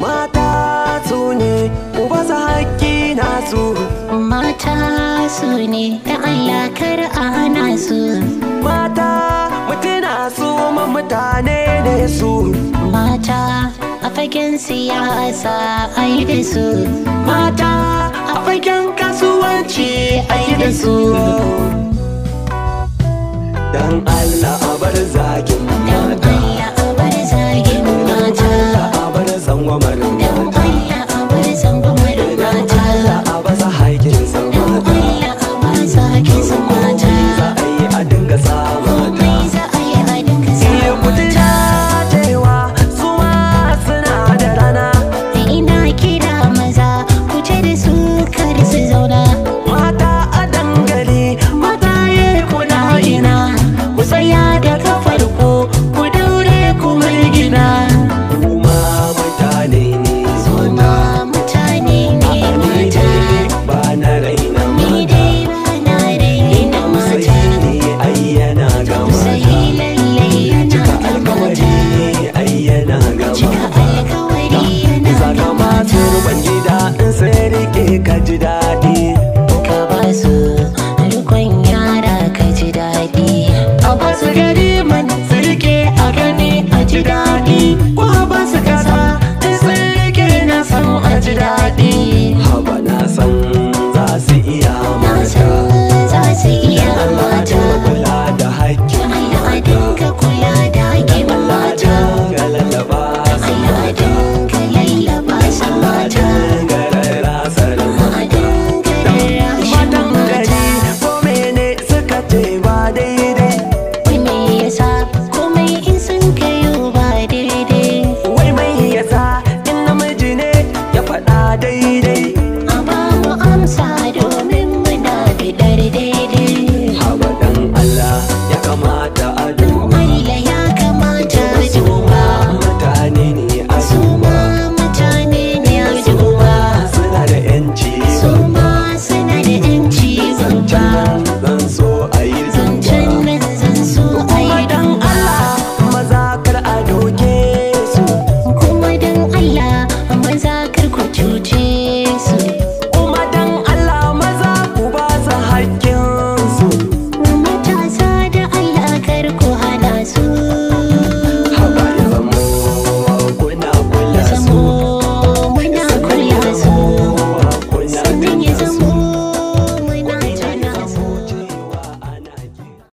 mata su ne uba su haƙƙi nasu mata su ne ta ayyakar ana su mata mutuna su ma mutane ne su mata a fagen siyasa a yi da su mata a fagen kasuwanci a yi da su dan Allah a bar zagin mata daɗi Yeah.